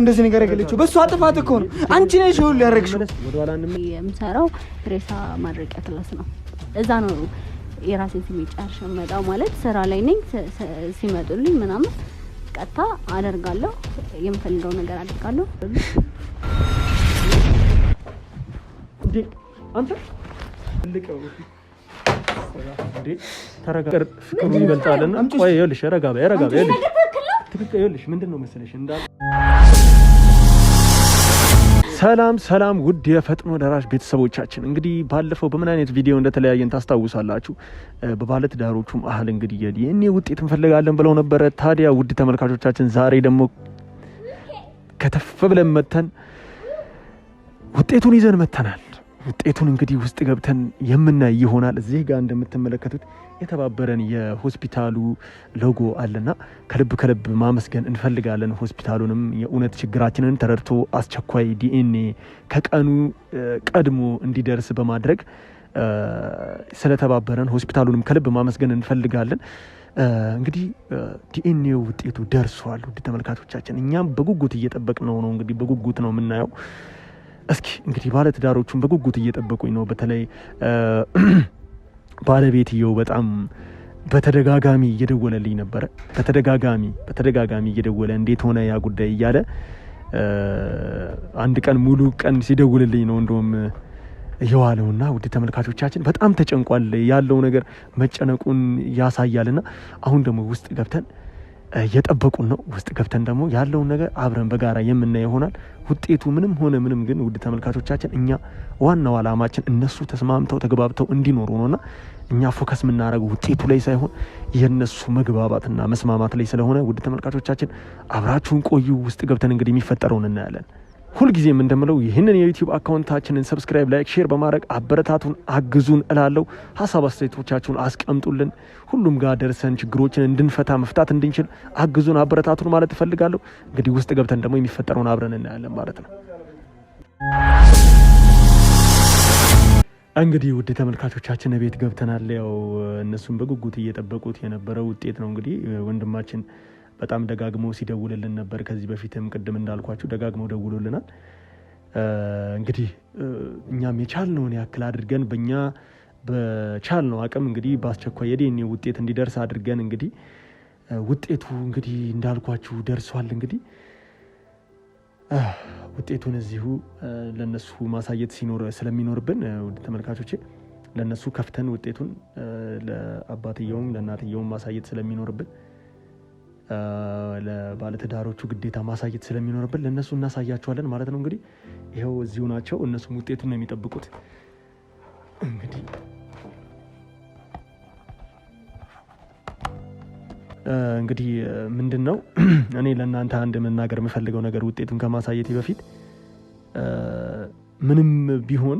እንደዚህ ነገር ያገለችው በእሱ አጥፋት እኮ ነው። አንቺ ነሽ ሁሉ ያደረግሽው። የምሰራው ሬሳ ማድረቂያ ክላስ ነው። እዛ ነው የራሴን ስሜት ጨርሼ የምመጣው ማለት ስራ ላይ ነኝ። ሲመጡልኝ ምናምን ቀጥታ አደርጋለሁ፣ የምፈልገው ነገር አደርጋለሁ። አንተ ተረጋ፣ ፍቅሩ ይበልጣልና። ቆይ ይኸውልሽ፣ ረጋ በይ፣ ረጋ በይ። ይኸውልሽ ምንድን ነው መሰለሽ እንዳል ሰላም ሰላም ውድ የፈጥኖ ደራሽ ቤተሰቦቻችን እንግዲህ ባለፈው በምን አይነት ቪዲዮ እንደተለያየን ታስታውሳላችሁ። በባለትዳሮቹ መሀል እንግዲህ የኔ ውጤት እንፈልጋለን ብለው ነበረ። ታዲያ ውድ ተመልካቾቻችን ዛሬ ደግሞ ከተፈ ብለን መተን ውጤቱን ይዘን መተናል። ውጤቱን እንግዲህ ውስጥ ገብተን የምናይ ይሆናል። እዚህ ጋር እንደምትመለከቱት የተባበረን የሆስፒታሉ ሎጎ አለና ከልብ ከልብ ማመስገን እንፈልጋለን። ሆስፒታሉንም የእውነት ችግራችንን ተረድቶ አስቸኳይ ዲኤንኤ ከቀኑ ቀድሞ እንዲደርስ በማድረግ ስለተባበረን ሆስፒታሉንም ከልብ ማመስገን እንፈልጋለን። እንግዲህ ዲኤንኤ ውጤቱ ደርሷል። ውድ ተመልካቾቻችን እኛም በጉጉት ነው ነው። እንግዲህ በጉጉት ነው የምናየው። እስኪ እንግዲህ ባለትዳሮቹን በጉጉት እየጠበቁኝ ነው። በተለይ ባለቤትየው በጣም በተደጋጋሚ እየደወለልኝ ነበረ። በተደጋጋሚ በተደጋጋሚ እየደወለ እንዴት ሆነ ያ ጉዳይ እያለ አንድ ቀን ሙሉ ቀን ሲደውልልኝ ነው እንደውም የዋለውና ውድ ተመልካቾቻችን በጣም ተጨንቋል ያለው ነገር መጨነቁን ያሳያልና አሁን ደግሞ ውስጥ ገብተን እየጠበቁን ነው። ውስጥ ገብተን ደግሞ ያለውን ነገር አብረን በጋራ የምናየው ይሆናል። ውጤቱ ምንም ሆነ ምንም ግን ውድ ተመልካቾቻችን እኛ ዋናው አላማችን እነሱ ተስማምተው ተግባብተው እንዲኖሩ ነውና እኛ ፎከስ የምናደርገው ውጤቱ ላይ ሳይሆን የእነሱ መግባባትና መስማማት ላይ ስለሆነ ውድ ተመልካቾቻችን አብራችሁን ቆዩ። ውስጥ ገብተን እንግዲህ የሚፈጠረውን እናያለን። ሁልጊዜም እንደምለው ይህንን የዩቲዩብ አካውንታችንን ሰብስክራይብ፣ ላይክ፣ ሼር በማድረግ አበረታቱን፣ አግዙን እላለሁ። ሀሳብ አስተያየቶቻችሁን አስቀምጡልን። ሁሉም ጋር ደርሰን ችግሮችን እንድንፈታ መፍታት እንድንችል አግዙን፣ አበረታቱን ማለት እፈልጋለሁ። እንግዲህ ውስጥ ገብተን ደግሞ የሚፈጠረውን አብረን እናያለን ማለት ነው። እንግዲህ ውድ ተመልካቾቻችን ቤት ገብተናል። ያው እነሱም በጉጉት እየጠበቁት የነበረ ውጤት ነው እንግዲህ ወንድማችን በጣም ደጋግሞ ሲደውልልን ነበር። ከዚህ በፊትም ቅድም እንዳልኳችሁ ደጋግመው ደውሎልናል። እንግዲህ እኛም የቻልነውን ያክል አድርገን በእኛ በቻልነው አቅም እንግዲህ በአስቸኳይ የዲኤንኤ ውጤት እንዲደርስ አድርገን እንግዲህ ውጤቱ እንግዲህ እንዳልኳችሁ ደርሷል። እንግዲህ ውጤቱን እዚሁ ለነሱ ማሳየት ሲኖር ስለሚኖርብን ውድ ተመልካቾቼ ለነሱ ከፍተን ውጤቱን ለአባትየውም ለእናትየውም ማሳየት ስለሚኖርብን ለባለትዳሮቹ ግዴታ ማሳየት ስለሚኖርብን ለእነሱ እናሳያቸዋለን ማለት ነው። እንግዲህ ይኸው እዚሁ ናቸው። እነሱም ውጤቱን ነው የሚጠብቁት። እንግዲህ እንግዲህ ምንድን ነው እኔ ለእናንተ አንድ መናገር የምፈልገው ነገር ውጤቱን ከማሳየት በፊት ምንም ቢሆን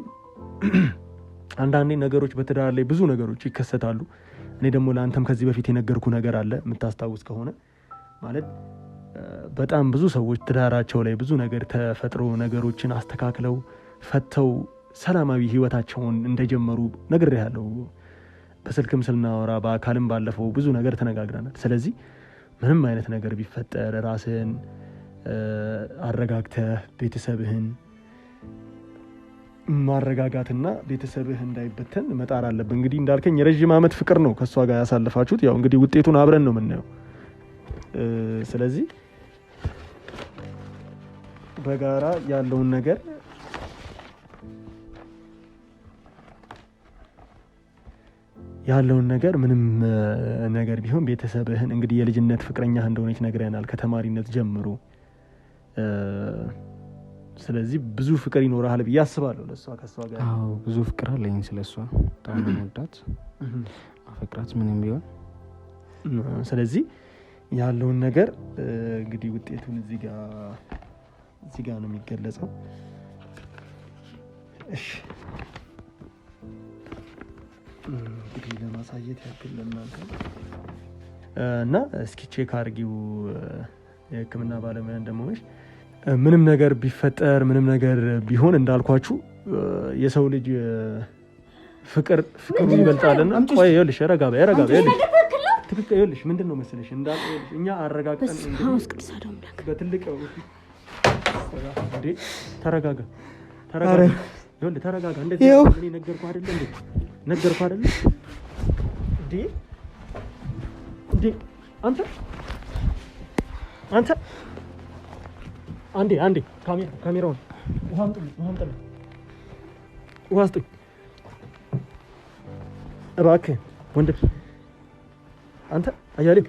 አንዳንዴ ነገሮች በትዳር ላይ ብዙ ነገሮች ይከሰታሉ። እኔ ደግሞ ለአንተም ከዚህ በፊት የነገርኩ ነገር አለ የምታስታውስ ከሆነ ማለት በጣም ብዙ ሰዎች ትዳራቸው ላይ ብዙ ነገር ተፈጥሮ ነገሮችን አስተካክለው ፈተው ሰላማዊ ህይወታቸውን እንደጀመሩ ነገር በስልክ በስልክም ስናወራ በአካልም ባለፈው ብዙ ነገር ተነጋግረናል። ስለዚህ ምንም አይነት ነገር ቢፈጠር ራስህን አረጋግተህ ቤተሰብህን ማረጋጋትና ቤተሰብህ እንዳይበተን መጣር አለብን እንግዲህ እንዳልከኝ የረዥም ዓመት ፍቅር ነው ከእሷ ጋር ያሳለፋችሁት። ያው እንግዲህ ውጤቱን አብረን ነው የምናየው። ስለዚህ በጋራ ያለውን ነገር ያለውን ነገር ምንም ነገር ቢሆን ቤተሰብህን እንግዲህ የልጅነት ፍቅረኛህ እንደሆነች ነግረናል፣ ከተማሪነት ጀምሮ። ስለዚህ ብዙ ፍቅር ይኖረሃል ብዬ አስባለሁ። ለእሷ ከእሷ ጋር ብዙ ፍቅር አለኝ። ስለ እሷ በጣም መወዳት፣ ማፈቅራት ምንም ቢሆን ስለዚህ ያለውን ነገር እንግዲህ ውጤቱን እዚህ ጋ ነው የሚገለጸው። እሺ እንግዲህ ለማሳየት ያክል ለእናንተ እና እስኪ ቼክ አድርጊው የሕክምና ባለሙያ እንደመሆንሽ ምንም ነገር ቢፈጠር ምንም ነገር ቢሆን እንዳልኳችሁ የሰው ልጅ ፍቅር ፍቅሩ ይበልጣልና። ቆይ ይኸውልሽ፣ ረጋ በይ፣ ረጋ በይ ትክክል ይኸውልሽ፣ ምንድን ነው መሰለሽ እንዳል እኛ አረጋግጠን በትልቅ ተረጋጋ፣ ተረጋጋ፣ ተረጋጋ። እንዴ? እንዴ? እንዴ አንተ አንተ አንዴ አንዴ ካሜራ ካሜራውን እባክህ ወንድም አንተ አያሌው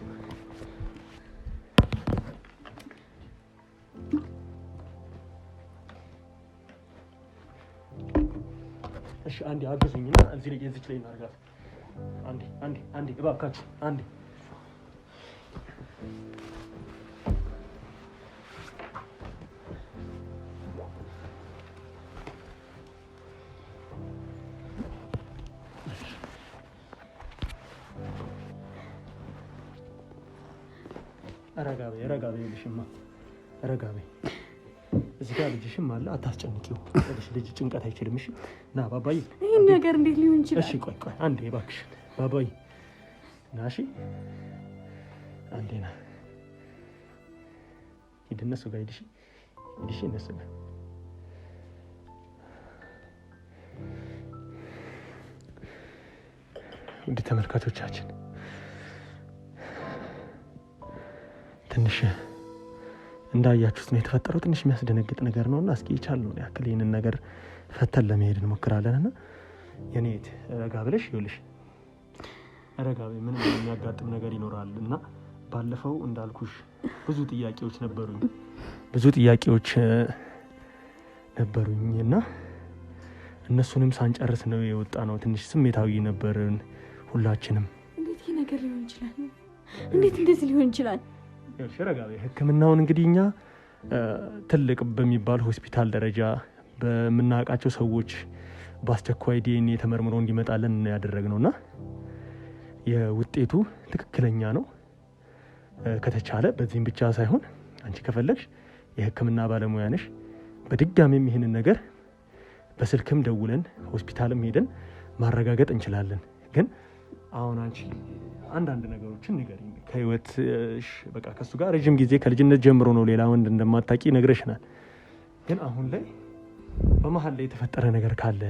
እሺ፣ አንዴ አግዙኝና እዚህ ላይ እዚች ላይ እናርጋት። አንዴ አንዴ አንዴ፣ እባካችሁ አንዴ ረጋ በይ ረጋ በይ ልሽማ ረጋ በይ። እዚህ ጋር ልጅሽም አለ አታስጨንቂው። ልጅ ጭንቀት አይችልም። እሺ ና ባባዬ። ይህን ነገር እንዴት ሊሆን ይችላል? እሺ ቆይ ቆይ አንዴ ባባዬ ና እሺ አንዴ ና ሂድ እነሱ ጋር ሂድ ሂድ እሺ እነሱ ጋር ውድ ተመልካቾቻችን ትንሽ እንዳያችሁት ነው የተፈጠረው። ትንሽ የሚያስደነግጥ ነገር ነው እና እስኪ የቻልነውን ያክል ይህንን ነገር ፈተን ለመሄድ እንሞክራለን እና የኔት ረጋ ብለሽ ይኸውልሽ፣ ረጋ ምንም የሚያጋጥም ነገር ይኖራል እና ባለፈው እንዳልኩሽ ብዙ ጥያቄዎች ነበሩኝ ብዙ ጥያቄዎች ነበሩኝ እና እነሱንም ሳንጨርስ ነው የወጣ ነው። ትንሽ ስሜታዊ ነበርን ሁላችንም። እንዴት ይህ ነገር ሊሆን ይችላል? እንዴት እንደዚህ ሊሆን ይችላል? ረጋቢ ህክምናውን እንግዲህ እኛ ትልቅ በሚባል ሆስፒታል ደረጃ በምናውቃቸው ሰዎች በአስቸኳይ ዲኤንኤ ተመርምሮ እንዲመጣለን ነው እና የውጤቱ ትክክለኛ ነው። ከተቻለ በዚህም ብቻ ሳይሆን አንቺ ከፈለግሽ የህክምና ባለሙያ ነሽ፣ በድጋሚም ይህንን ነገር በስልክም ደውለን ሆስፒታልም ሄደን ማረጋገጥ እንችላለን ግን አሁን አንቺ አንዳንድ ነገሮችን ንገሪኝ ከህይወትሽ በቃ ከሱ ጋር ረዥም ጊዜ ከልጅነት ጀምሮ ነው ሌላ ወንድ እንደማታቂ ነግረሽናል። ግን አሁን ላይ በመሀል ላይ የተፈጠረ ነገር ካለ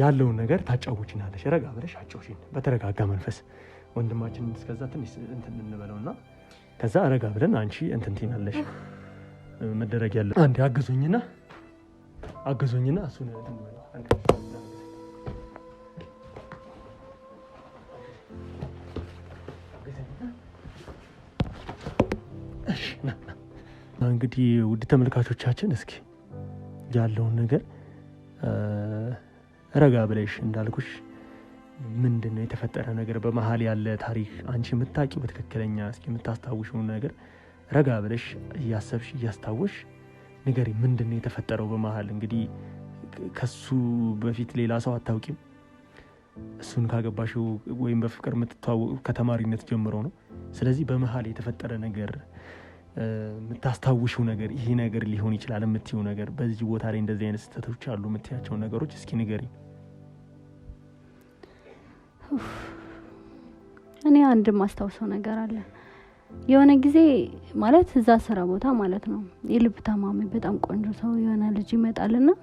ያለውን ነገር ታጫውችናለሽ። ረጋ ብለሽ አጫውሽን በተረጋጋ መንፈስ ወንድማችን እስከዛ ትንሽ እንትን እንበለው እንበለውና ከዛ ረጋ ብለን አንቺ እንትን ትይናለሽ። መደረግ ያለ አንዴ አግዞኝና አግዞኝና እሱን እንትን እንግዲህ ውድ ተመልካቾቻችን እስኪ ያለውን ነገር ረጋ ብለሽ እንዳልኩሽ ምንድን ነው የተፈጠረ ነገር በመሀል ያለ ታሪክ አንቺ የምታቂ በትክክለኛ እስኪ የምታስታውሽውን ነገር ረጋ ብለሽ እያሰብሽ እያስታወሽ ነገር ምንድን ነው የተፈጠረው በመሀል እንግዲህ ከሱ በፊት ሌላ ሰው አታውቂም እሱን ካገባሽው ወይም በፍቅር የምትተዋወቁ ከተማሪነት ጀምሮ ነው ስለዚህ በመሀል የተፈጠረ ነገር የምታስታውሽው ነገር ይሄ ነገር ሊሆን ይችላል የምትይው ነገር በዚህ ቦታ ላይ እንደዚህ አይነት ስህተቶች አሉ የምትያቸው ነገሮች እስኪ ንገሪ እኔ አንድ ማስታውሰው ነገር አለ። የሆነ ጊዜ ማለት እዛ ስራ ቦታ ማለት ነው የልብ ታማሚ በጣም ቆንጆ ሰው የሆነ ልጅ ና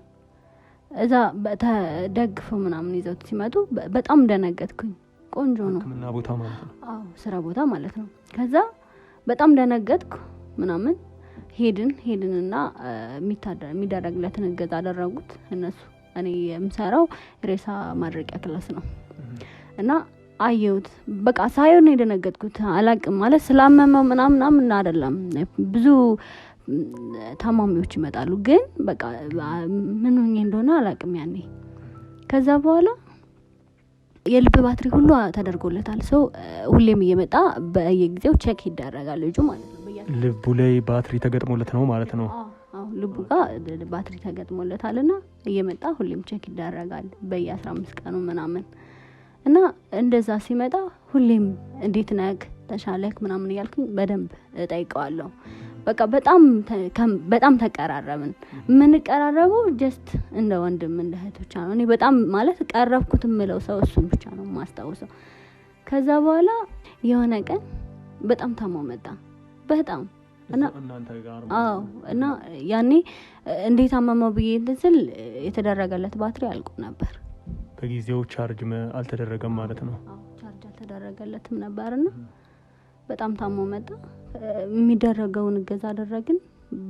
እዛ ተደግፈው ምናምን ይዘውት ሲመጡ በጣም ደነገጥኩኝ። ቆንጆ ነው ስራ ቦታ ማለት ነው። ከዛ በጣም ደነገጥኩ። ምናምን ሄድን ሄድንና የሚደረግለትን እገዝ አደረጉት እነሱ። እኔ የምሰራው ሬሳ ማድረቂያ ክላስ ነው እና አየሁት። በቃ ሳየው ነው የደነገጥኩት። አላቅም ማለት ስላመመው ምናምናምን አደለም። ብዙ ታማሚዎች ይመጣሉ፣ ግን በቃ ምን እንደሆነ አላቅም ያኔ። ከዛ በኋላ የልብ ባትሪ ሁሉ ተደርጎለታል። ሰው ሁሌም እየመጣ በየጊዜው ቼክ ይደረጋል ልጁ ማለት ነው። ልቡ ላይ ባትሪ ተገጥሞለት ነው ማለት ነው። ልቡ ጋር ባትሪ ተገጥሞለታል እና እየመጣ ሁሌም ቼክ ይደረጋል በየአስራ አምስት ቀኑ ምናምን እና እንደዛ ሲመጣ ሁሌም እንዴት ነክ ተሻለክ ምናምን እያልኩኝ በደንብ እጠይቀዋለሁ። በቃ በጣም ተቀራረብን። የምንቀራረበው ጀስት እንደ ወንድም እንደ እህት ብቻ ነው። እኔ በጣም ማለት ቀረብኩት የምለው ሰው እሱን ብቻ ነው የማስታውሰው። ከዛ በኋላ የሆነ ቀን በጣም ታሞ መጣ። በጣም እና ያኔ እንዴት አመመው ብዬ እንትን የተደረገለት ባትሪ አልቆ ነበር። በጊዜው ቻርጅ አልተደረገም ማለት ነው። ቻርጅ አልተደረገለትም ነበርና በጣም ታሞ መጣ። የሚደረገውን እገዛ አደረግን፣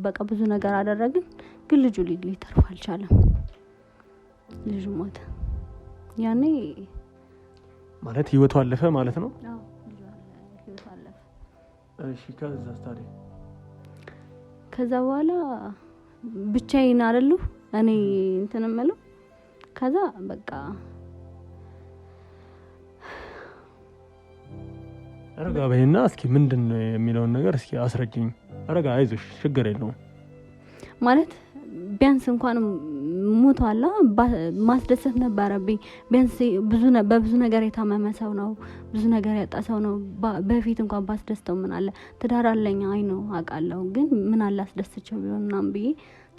በቃ ብዙ ነገር አደረግን፣ ግን ልጁ ሊተርፍ አልቻለም። ልጁ ሞተ። ያኔ ማለት ህይወቱ አለፈ ማለት ነው። እሺ ከዛስ ታዲያ ከዛ በኋላ ብቻዬን አይደሉ እኔ እንትን እምለው ከዛ በቃ ረጋ በይና እስኪ ምንድን ነው የሚለውን ነገር እስኪ አስረጅኝ። ረጋ አይዞሽ፣ ችግር የለውም ማለት ቢያንስ እንኳንም ሞቷላ ማስደሰት ነበረብኝ። ቢያንስ ብዙ በብዙ ነገር የታመመ ሰው ነው፣ ብዙ ነገር ያጣ ሰው ነው። በፊት እንኳን ባስደስተው ምን አለ። ትዳር አለኝ አይ ነው አቃለው ግን ምን አለ አስደስቸው ቢሆን ምናምን ብዬ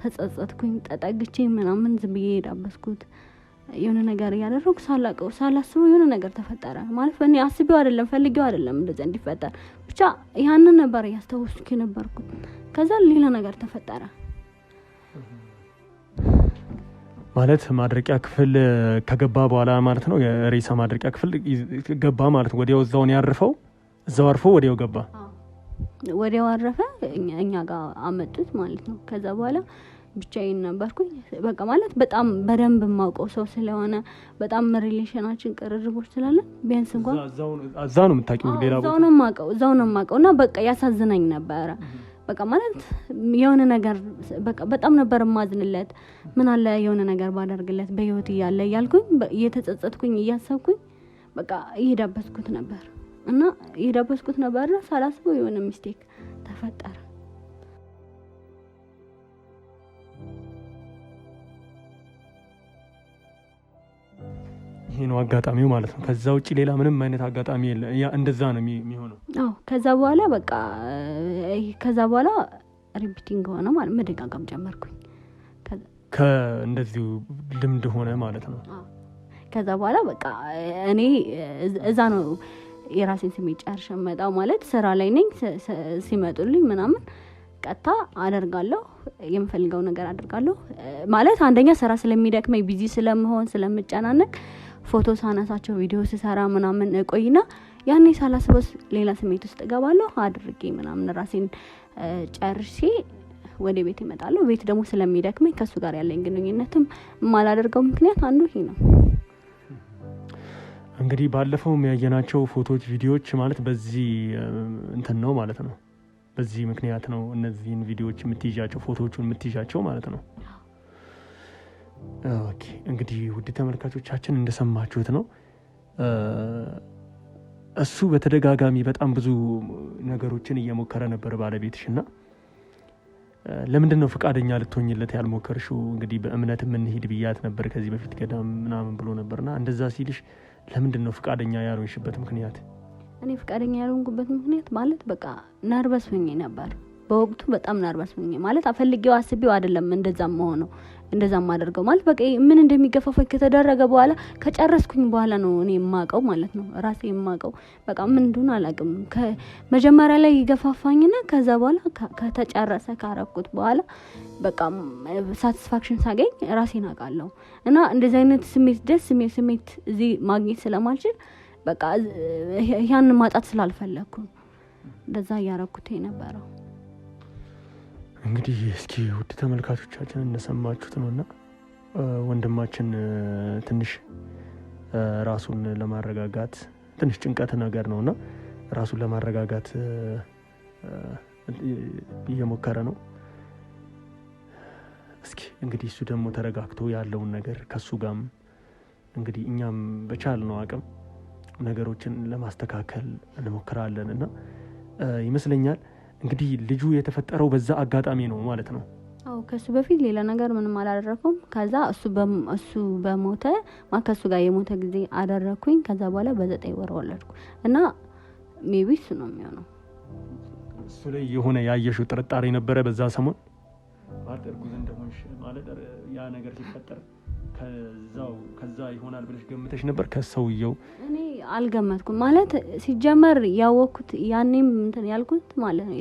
ተጸጸትኩኝ። ተጠግቼ ምናምን ዝም ብዬ የዳበስኩት የሆነ ነገር እያደረጉ ሳላቀው ሳላስቡ የሆነ ነገር ተፈጠረ። ማለት እኔ አስቤው አይደለም ፈልጌው አይደለም እንደዚ እንዲፈጠር ብቻ ያንን ነበር እያስታወስኩ የነበርኩት። ከዛ ሌላ ነገር ተፈጠረ። ማለት ማድረቂያ ክፍል ከገባ በኋላ ማለት ነው። የሬሳ ማድረቂያ ክፍል ገባ ማለት ነው። ወዲያው እዛውን ያርፈው እዛው አርፎ ወዲያው ገባ፣ ወዲያው አረፈ። እኛ ጋር አመጡት ማለት ነው። ከዛ በኋላ ብቻዬን ነበርኩኝ። በቃ ማለት በጣም በደንብ የማውቀው ሰው ስለሆነ በጣም ሪሌሽናችን ቅርርቦች ስላለን ቢያንስ እንኳን እዛው ነው የምታውቂው፣ እዛው ነው የማውቀው እና በቃ ያሳዝናኝ ነበረ በቃ ማለት የሆነ ነገር በቃ በጣም ነበር የማዝንለት። ምን አለ የሆነ ነገር ባደርግለት በህይወት እያለ እያልኩኝ እየተጸጸትኩኝ እያሰብኩኝ በቃ እየዳበስኩት ነበር እና እየዳበስኩት ነበር። ሳላስበው የሆነ ሚስቴክ ተፈጠረ። ይሄ ነው አጋጣሚው ማለት ነው። ከዛ ውጭ ሌላ ምንም አይነት አጋጣሚ የለ። እንደዛ ነው የሚሆነው። አዎ ከዛ በኋላ በቃ ከዛ በኋላ ሪፒቲንግ ሆነ ማለት መደጋጋም ጀመርኩኝ። ከእንደዚሁ ልምድ ሆነ ማለት ነው። ከዛ በኋላ በቃ እኔ እዛ ነው የራሴን ስሜት ጨርሼ እመጣው ማለት ስራ ላይ ነኝ። ሲመጡልኝ ምናምን ቀጥታ አደርጋለሁ፣ የምፈልገው ነገር አደርጋለሁ። ማለት አንደኛ ስራ ስለሚደክመኝ ቢዚ ስለመሆን ስለምጨናነቅ ፎቶ ሳነሳቸው ቪዲዮ ስሰራ ምናምን እቆይና ያኔ ሳላስበው ሌላ ስሜት ውስጥ እገባለሁ። አድርጌ ምናምን ራሴን ጨርሼ ወደ ቤት ይመጣለሁ ቤት ደግሞ ስለሚደክመኝ ከእሱ ጋር ያለኝ ግንኙነትም የማላደርገው ምክንያት አንዱ ይሄ ነው። እንግዲህ ባለፈው የሚያየናቸው ፎቶዎች፣ ቪዲዮዎች ማለት በዚህ እንትን ነው ማለት ነው። በዚህ ምክንያት ነው እነዚህን ቪዲዮዎች የምትይዣቸው ፎቶዎቹን የምትይዣቸው ማለት ነው። ኦኬ እንግዲህ ውድ ተመልካቾቻችን እንደሰማችሁት ነው። እሱ በተደጋጋሚ በጣም ብዙ ነገሮችን እየሞከረ ነበር ባለቤትሽ እና ለምንድን ነው ፈቃደኛ ልትሆኝለት ያልሞከርሽው? እንግዲህ በእምነት የምንሄድ ብያት ነበር ከዚህ በፊት ገዳም ምናምን ብሎ ነበርና እንደዛ ሲልሽ ለምንድን ነው ፈቃደኛ ያልሆንሽበት ምክንያት? እኔ ፈቃደኛ ያልሆንኩበት ምክንያት ማለት በቃ ነርበስ ሆኜ ነበር በወቅቱ በጣም ነርቨስ ሆኜ ማለት አፈልጌው አስቤው አይደለም እንደዛም መሆነው እንደዛም አደርገው ማለት በቃ ምን እንደሚገፋፋኝ ከተደረገ በኋላ ከጨረስኩኝ በኋላ ነው እኔ የማቀው ማለት ነው ራሴ የማቀው በቃ ምን እንደሆነ አላቅም መጀመሪያ ላይ ይገፋፋኝና ከዛ በኋላ ከተጨረሰ ካረኩት በኋላ በቃ ሳቲስፋክሽን ሳገኝ ራሴን አውቃለሁ። እና እንደዚህ አይነት ስሜት ደስ ስሜት ስሜት እዚህ ማግኘት ስለማልችል በቃ ያን ማጣት ስላልፈለግኩ እንደዛ እያረኩት የነበረው እንግዲህ እስኪ ውድ ተመልካቾቻችን እንደሰማችሁት እና ወንድማችን ትንሽ ራሱን ለማረጋጋት ትንሽ ጭንቀት ነገር ነው እና ራሱን ለማረጋጋት እየሞከረ ነው። እስኪ እንግዲህ እሱ ደግሞ ተረጋግቶ ያለውን ነገር ከሱ ጋም እንግዲህ እኛም በቻል ነው አቅም ነገሮችን ለማስተካከል እንሞክራለን እና ይመስለኛል እንግዲህ ልጁ የተፈጠረው በዛ አጋጣሚ ነው ማለት ነው። አዎ ከሱ በፊት ሌላ ነገር ምንም አላደረኩም። ከዛ እሱ በሞተ ከሱ ጋር የሞተ ጊዜ አደረግኩኝ። ከዛ በኋላ በዘጠኝ ወር ወለድኩ እና ሜቢ እሱ ነው የሚሆነው። እሱ ላይ የሆነ ያየሽው ጥርጣሬ ነበረ በዛ ሰሞን ማለት ያ ነገር ሲፈጠር ከዛው ከዛ ይሆናል ብለሽ ገምተሽ ነበር? ከሰውየው እኔ አልገመትኩም። ማለት ሲጀመር ያወቅኩት ያኔም እንትን ያልኩት ማለት ነው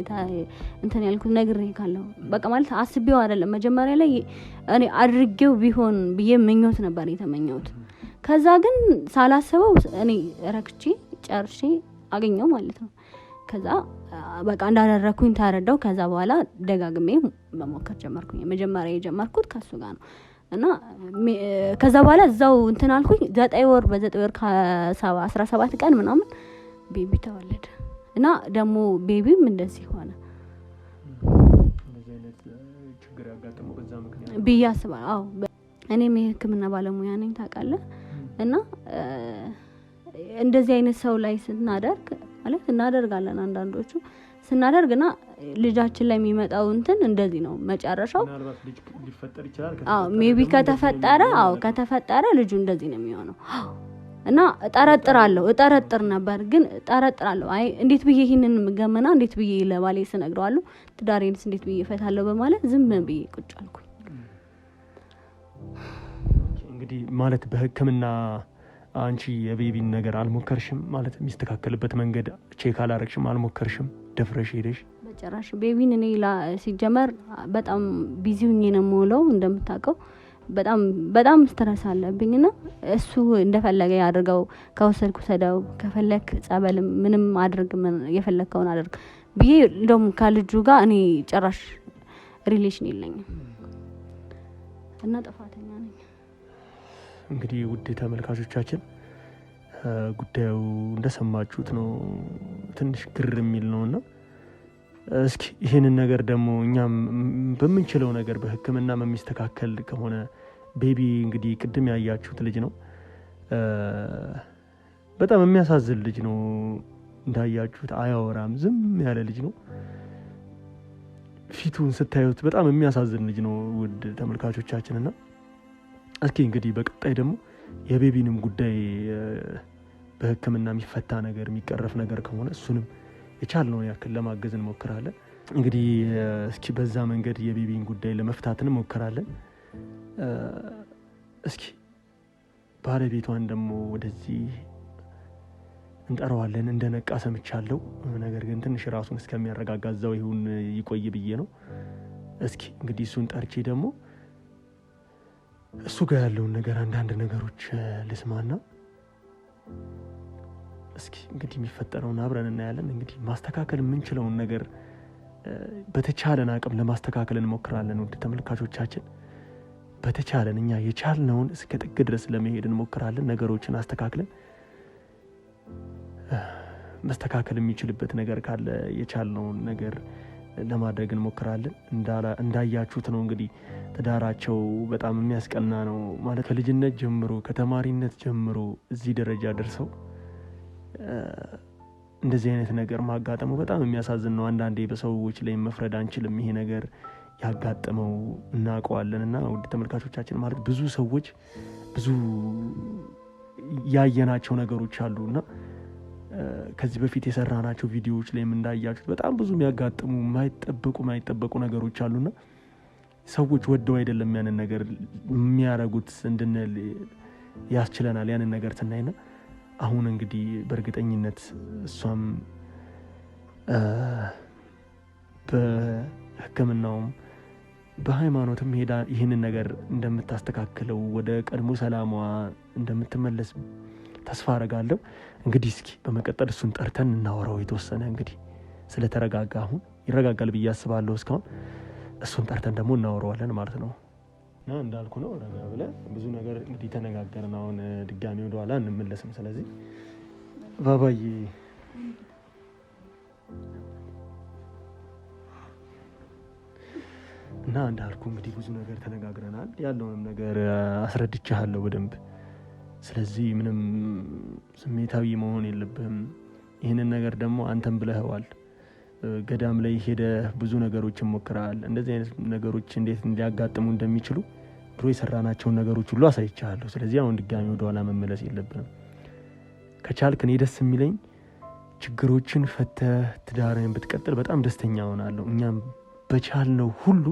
እንትን ያልኩት ነግሬ ካለው በቃ ማለት አስቤው አይደለም። መጀመሪያ ላይ እኔ አድርጌው ቢሆን ብዬ ምኞት ነበር የተመኘሁት። ከዛ ግን ሳላስበው እኔ ረክቼ ጨርሼ አገኘው ማለት ነው። ከዛ በቃ እንዳደረግኩኝ ተረዳው። ከዛ በኋላ ደጋግሜ መሞከር ጀመርኩኝ። መጀመሪያ የጀመርኩት ከሱ ጋር ነው። እና ከዛ በኋላ እዛው እንትን አልኩኝ። ዘጠኝ ወር በዘጠኝ ወር አስራ ሰባት ቀን ምናምን ቤቢ ተወለደ እና ደግሞ ቤቢም እንደዚህ ሆነ ብዬ አስባለሁ። አዎ እኔም የሕክምና ባለሙያ ነኝ ታውቃለህ። እና እንደዚህ አይነት ሰው ላይ ስናደርግ ማለት እናደርጋለን አንዳንዶቹ ስናደርግ እና ልጃችን ላይ የሚመጣው እንትን እንደዚህ ነው መጨረሻው። አዎ ሜቢ ከተፈጠረ አዎ ከተፈጠረ ልጁ እንደዚህ ነው የሚሆነው እና እጠረጥራለሁ እጠረጥር ነበር ግን እጠረጥራለሁ። አይ እንዴት ብዬ ይህንን ገመና እንዴት ብዬ ለባሌ ስነግረዋለሁ፣ ትዳሬንስ እንዴት ብዬ እፈታለሁ በማለት ዝም ብዬ ቁጭ አልኩኝ። እንግዲህ ማለት በሕክምና አንቺ የቤቢን ነገር አልሞከርሽም ማለት የሚስተካከልበት መንገድ ቼክ አላረግሽም፣ አልሞከርሽም፣ ደፍረሽ ሄደሽ በጭራሽ ቤቢን እኔ ሲጀመር በጣም ቢዚ ሁኜ ነው የምውለው እንደምታውቀው በጣም በጣም ስትረስ አለብኝ ና እሱ እንደፈለገ ያድርገው። ከወሰድኩ ሰደው ከፈለክ ጸበል ምንም አድርግ የፈለግከውን አድርግ ብዬ እንደም ከልጁ ጋር እኔ ጭራሽ ሪሌሽን የለኝም እና ጥፋተኛ ነኝ። እንግዲህ ውድ ተመልካቾቻችን ጉዳዩ እንደሰማችሁት ነው። ትንሽ ግር የሚል ነው እና እስኪ ይህንን ነገር ደግሞ እኛም በምንችለው ነገር በህክምና የሚስተካከል ከሆነ ቤቢ እንግዲህ ቅድም ያያችሁት ልጅ ነው። በጣም የሚያሳዝን ልጅ ነው። እንዳያችሁት አያወራም፣ ዝም ያለ ልጅ ነው። ፊቱን ስታዩት በጣም የሚያሳዝን ልጅ ነው። ውድ ተመልካቾቻችንና እስኪ እንግዲህ በቀጣይ ደግሞ የቤቢንም ጉዳይ በህክምና የሚፈታ ነገር የሚቀረፍ ነገር ከሆነ እሱንም የቻልነውን ያክል ለማገዝ እንሞክራለን። እንግዲህ እስኪ በዛ መንገድ የቤቢን ጉዳይ ለመፍታት እንሞክራለን። እስኪ ባለቤቷን ደግሞ ወደዚህ እንጠራዋለን። እንደነቃ ሰምቻለሁ። ነገር ግን ትንሽ ራሱን እስከሚያረጋጋ እዛው ይሁን ይቆይ ብዬ ነው። እስኪ እንግዲህ እሱን ጠርቼ ደግሞ እሱ ጋር ያለውን ነገር አንዳንድ ነገሮች ልስማና እስኪ እንግዲህ የሚፈጠረውን አብረን እናያለን። እንግዲህ ማስተካከል የምንችለውን ነገር በተቻለን አቅም ለማስተካከል እንሞክራለን። ውድ ተመልካቾቻችን በተቻለን እኛ የቻልነውን እስከ ጥግ ድረስ ለመሄድ እንሞክራለን። ነገሮችን አስተካክለን መስተካከል የሚችልበት ነገር ካለ የቻልነውን ነገር ለማድረግ እንሞክራለን። እንዳያችሁት ነው እንግዲህ ትዳራቸው በጣም የሚያስቀና ነው ማለት ከልጅነት ጀምሮ ከተማሪነት ጀምሮ እዚህ ደረጃ ደርሰው እንደዚህ አይነት ነገር ማጋጠሙ በጣም የሚያሳዝን ነው። አንዳንዴ በሰዎች ላይ መፍረድ አንችልም። ይሄ ነገር ያጋጠመው እናውቀዋለን እና ውድ ተመልካቾቻችን ማለት ብዙ ሰዎች ብዙ ያየናቸው ነገሮች አሉ እና ከዚህ በፊት የሰራናቸው ቪዲዮዎች ላይም እንዳያችሁት በጣም ብዙ የሚያጋጥሙ የማይጠበቁ የማይጠበቁ ነገሮች አሉና ሰዎች ወደው አይደለም ያንን ነገር የሚያረጉት እንድንል ያስችለናል። ያንን ነገር ስናይና አሁን እንግዲህ በእርግጠኝነት እሷም በሕክምናውም በሃይማኖትም ሄዳ ይህንን ነገር እንደምታስተካክለው ወደ ቀድሞ ሰላሟ እንደምትመለስ ተስፋ አረጋለሁ። እንግዲህ እስኪ በመቀጠል እሱን ጠርተን እናወራው። የተወሰነ እንግዲህ ስለተረጋጋ አሁን ይረጋጋል ብዬ አስባለሁ። እስካሁን እሱን ጠርተን ደግሞ እናወረዋለን ማለት ነው። እና እንዳልኩ ነው ረጋ ብለ ብዙ ነገር እንግዲህ ተነጋገርን። አሁን ድጋሚ ወደኋላ እንመለስም። ስለዚህ ባባዬ እና እንዳልኩ እንግዲህ ብዙ ነገር ተነጋግረናል። ያለውንም ነገር አስረድቻለሁ በደንብ። ስለዚህ ምንም ስሜታዊ መሆን የለብህም። ይህንን ነገር ደግሞ አንተም ብለኸዋል። ገዳም ላይ ሄደህ ብዙ ነገሮችን ሞክረሃል። እንደዚህ አይነት ነገሮች እንዴት ሊያጋጥሙ እንደሚችሉ ድሮ የሰራናቸውን ነገሮች ሁሉ አሳይቻለሁ። ስለዚህ አሁን ድጋሚ ወደኋላ መመለስ የለብንም። ከቻልክ እኔ ደስ የሚለኝ ችግሮችን ፈተህ ትዳርህን ብትቀጥል በጣም ደስተኛ ሆናለሁ። እኛም በቻልነው ሁሉ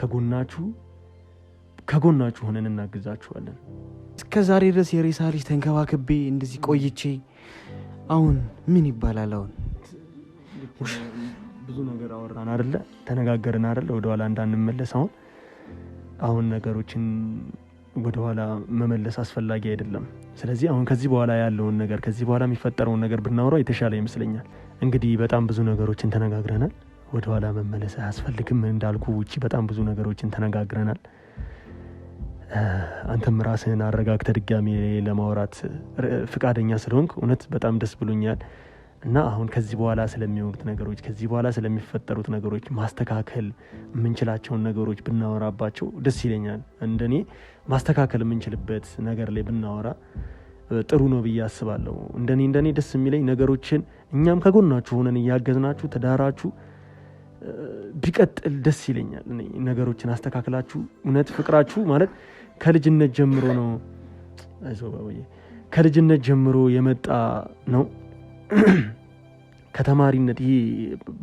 ከጎናችሁ ከጎናችሁ ሆነን እናግዛችኋለን። እስከ ዛሬ ድረስ የሬሳ ልጅ ተንከባክቤ እንደዚህ ቆይቼ አሁን ምን ይባላል? አሁን ብዙ ነገር አወራን አደለ፣ ተነጋገርን አደለ፣ ወደኋላ እንዳንመለስ አሁን አሁን ነገሮችን ወደኋላ መመለስ አስፈላጊ አይደለም። ስለዚህ አሁን ከዚህ በኋላ ያለውን ነገር ከዚህ በኋላ የሚፈጠረውን ነገር ብናወራው የተሻለ ይመስለኛል። እንግዲህ በጣም ብዙ ነገሮችን ተነጋግረናል። ወደኋላ መመለስ አያስፈልግም። እንዳልኩ ውጭ በጣም ብዙ ነገሮችን ተነጋግረናል። አንተም ራስህን አረጋግተ ድጋሚ ለማውራት ፍቃደኛ ስለሆንክ እውነት በጣም ደስ ብሎኛል። እና አሁን ከዚህ በኋላ ስለሚሆኑት ነገሮች ከዚህ በኋላ ስለሚፈጠሩት ነገሮች ማስተካከል የምንችላቸውን ነገሮች ብናወራባቸው ደስ ይለኛል። እንደኔ ማስተካከል የምንችልበት ነገር ላይ ብናወራ ጥሩ ነው ብዬ አስባለሁ። እንደኔ እንደኔ ደስ የሚለኝ ነገሮችን እኛም ከጎናችሁ ሆነን እያገዝናችሁ ተዳራችሁ ቢቀጥል ደስ ይለኛል። ነገሮችን አስተካክላችሁ እውነት ፍቅራችሁ ማለት ከልጅነት ጀምሮ ነው ከልጅነት ጀምሮ የመጣ ነው ከተማሪነት ይሄ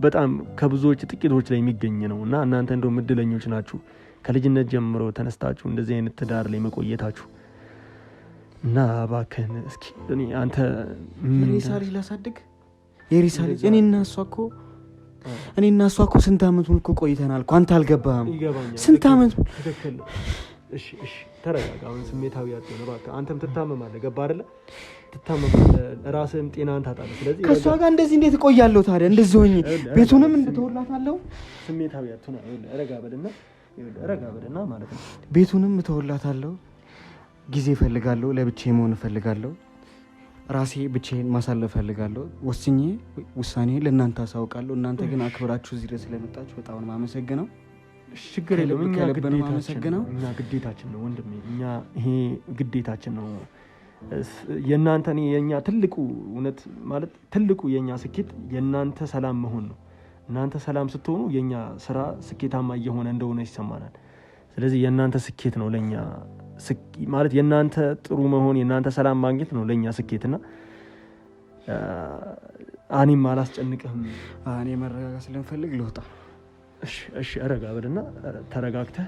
በጣም ከብዙዎች ጥቂቶች ላይ የሚገኝ ነው እና እናንተ እንደ ምድለኞች ናችሁ ከልጅነት ጀምሮ ተነስታችሁ እንደዚህ አይነት ትዳር ላይ መቆየታችሁ እና እባክህን እስኪ አንተ የሬሳ ልጅ ላሳድግ የሬሳ ልጅ እኔ እና እሷ እኔ እና እሷ ስንት አመት ሙልኮ ቆይተናል እኮ አንተ አልገባህም። ስንት አመት ተረጋጋ። አሁን ስሜታዊ ያ እባክህ፣ አንተም ትታመማለህ። ገባ አደለ ትታመማለህ፣ ራስህም ጤናህን ታጣለህ። ስለዚህ ከእሷ ጋር እንደዚህ እንዴት እቆያለሁ ታዲያ? እንደዚህ ሆኜ ቤቱንም እንድትወላታለሁ። ስሜታዊ አትሁን። ረጋ በልና ረጋ በልና ማለት ነው። ቤቱንም እተወላታለሁ። ጊዜ እፈልጋለሁ። ለብቻዬ መሆን እፈልጋለሁ። ራሴ ብቻዬን ማሳለፍ እፈልጋለሁ። ወስኜ ውሳኔ ለእናንተ አሳውቃለሁ። እናንተ ግን አክብራችሁ እዚህ ድረስ ስለመጣችሁ በጣም ነው የማመሰግነው። ችግር የለም። እኛ ግዴታችን ነው ወንድሜ፣ እኛ ይሄ ግዴታችን ነው። የእናንተ የእኛ ትልቁ እውነት ማለት ትልቁ የእኛ ስኬት የእናንተ ሰላም መሆን ነው። እናንተ ሰላም ስትሆኑ የእኛ ስራ ስኬታማ እየሆነ እንደሆነ ይሰማናል። ስለዚህ የእናንተ ስኬት ነው ለእኛ ማለት የእናንተ ጥሩ መሆን የእናንተ ሰላም ማግኘት ነው ለእኛ ስኬት እና እኔም አላስጨንቅህም። እኔ መረጋጋት ስለምፈልግ ልውጣ። እሺ፣ እሺ፣ ረጋ በልና ተረጋግተህ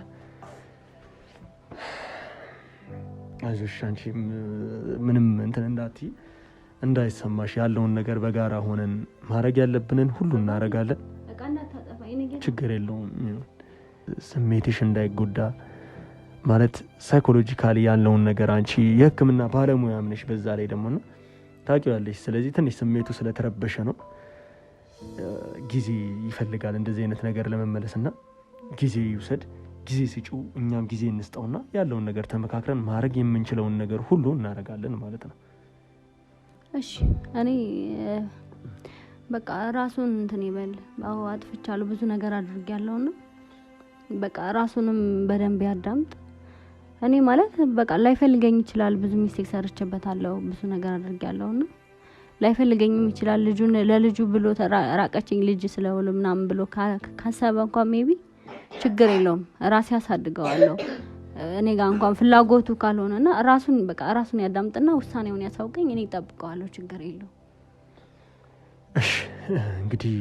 አይዞሽ አንቺም ምንም እንትን እንዳትዪ እንዳይሰማሽ ያለውን ነገር በጋራ ሆነን ማድረግ ያለብንን ሁሉ እናደርጋለን። ችግር የለውም። ስሜትሽ እንዳይጎዳ ማለት ሳይኮሎጂካሊ ያለውን ነገር አንቺ የሕክምና ባለሙያ ምንሽ በዛ ላይ ደግሞ እና ታውቂዋለሽ። ስለዚህ ትንሽ ስሜቱ ስለተረበሸ ነው ጊዜ ይፈልጋል እንደዚህ አይነት ነገር ለመመለስ እና ጊዜ ይውሰድ። ጊዜ ስጪው፣ እኛም ጊዜ እንስጠውና ያለውን ነገር ተመካክረን ማድረግ የምንችለውን ነገር ሁሉ እናደርጋለን ማለት ነው። እሺ እኔ በቃ ራሱን እንትን ይበል። አዎ አጥፍቻለሁ፣ ብዙ ነገር አድርጌያለሁና በቃ ራሱንም በደንብ ያዳምጥ። እኔ ማለት በቃ ላይፈልገኝ ይችላል፣ ብዙ ሚስቴክ ሰርቼበታለሁ፣ ብዙ ነገር አድርጌያለሁና ላይፈልገኝም ይችላል። ልጁን ለልጁ ብሎ ራቀችኝ ልጅ ስለሆነ ምናምን ብሎ ካሰበ እንኳን ሜቢ ችግር የለውም ራሴ ያሳድገዋለሁ። እኔ ጋር እንኳን ፍላጎቱ ና ራሱን በቃ ራሱን ያዳምጥና ውሳኔውን ያሳውቀኝ፣ እኔ ይጠብቀዋለሁ ችግር የለው እሺ እንግዲህ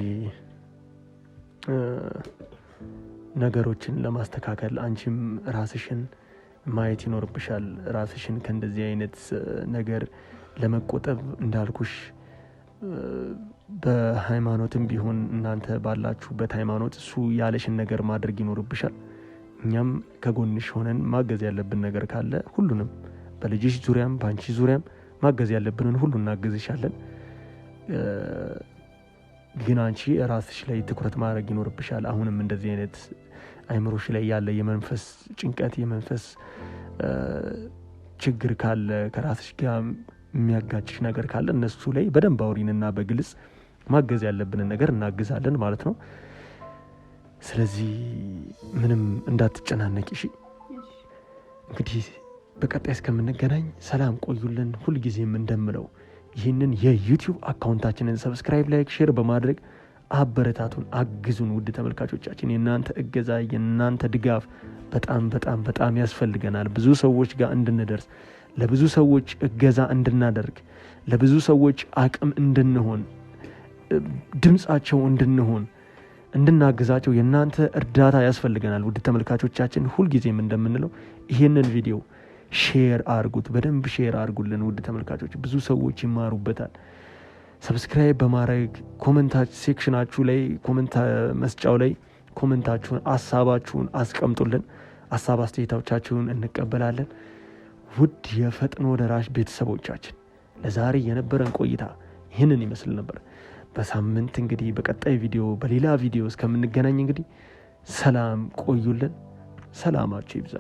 ነገሮችን ለማስተካከል አንቺም ራስሽን ማየት ይኖርብሻል። ራስሽን ከእንደዚህ አይነት ነገር ለመቆጠብ እንዳልኩሽ በሃይማኖትም ቢሆን እናንተ ባላችሁበት ሃይማኖት እሱ ያለሽን ነገር ማድረግ ይኖርብሻል። እኛም ከጎንሽ ሆነን ማገዝ ያለብን ነገር ካለ ሁሉንም በልጅሽ ዙሪያም በአንቺ ዙሪያም ማገዝ ያለብንን ሁሉ እናገዝሻለን። ግን አንቺ ራስሽ ላይ ትኩረት ማድረግ ይኖርብሻል። አሁንም እንደዚህ አይነት አይምሮሽ ላይ ያለ የመንፈስ ጭንቀት፣ የመንፈስ ችግር ካለ ከራስሽ ጋር የሚያጋጭሽ ነገር ካለ እነሱ ላይ በደንብ አውሪንና በግልጽ ማገዝ ያለብንን ነገር እናግዛለን ማለት ነው። ስለዚህ ምንም እንዳትጨናነቂ እሺ። እንግዲህ በቀጣይ እስከምንገናኝ ሰላም ቆዩልን። ሁልጊዜም እንደምለው ይህንን የዩቲዩብ አካውንታችንን ሰብስክራይብ፣ ላይክ፣ ሼር በማድረግ አበረታቱን፣ አግዙን። ውድ ተመልካቾቻችን የእናንተ እገዛ የእናንተ ድጋፍ በጣም በጣም በጣም ያስፈልገናል። ብዙ ሰዎች ጋር እንድንደርስ ለብዙ ሰዎች እገዛ እንድናደርግ ለብዙ ሰዎች አቅም እንድንሆን ድምፃቸው እንድንሆን እንድናግዛቸው የእናንተ እርዳታ ያስፈልገናል። ውድ ተመልካቾቻችን ሁልጊዜም እንደምንለው ይሄንን ቪዲዮ ሼር አርጉት፣ በደንብ ሼር አርጉልን። ውድ ተመልካቾች ብዙ ሰዎች ይማሩበታል። ሰብስክራይብ በማድረግ ኮመንታ ሴክሽናችሁ ላይ ኮመንት መስጫው ላይ ኮመንታችሁን፣ አሳባችሁን አስቀምጡልን። አሳብ አስተያየታዎቻችሁን እንቀበላለን። ውድ የፈጥኖ ደራሽ ቤተሰቦቻችን ለዛሬ የነበረን ቆይታ ይህንን ይመስል ነበር። በሳምንት እንግዲህ በቀጣይ ቪዲዮ በሌላ ቪዲዮ እስከምንገናኝ እንግዲህ ሰላም ቆዩልን። ሰላማችሁ ይብዛ።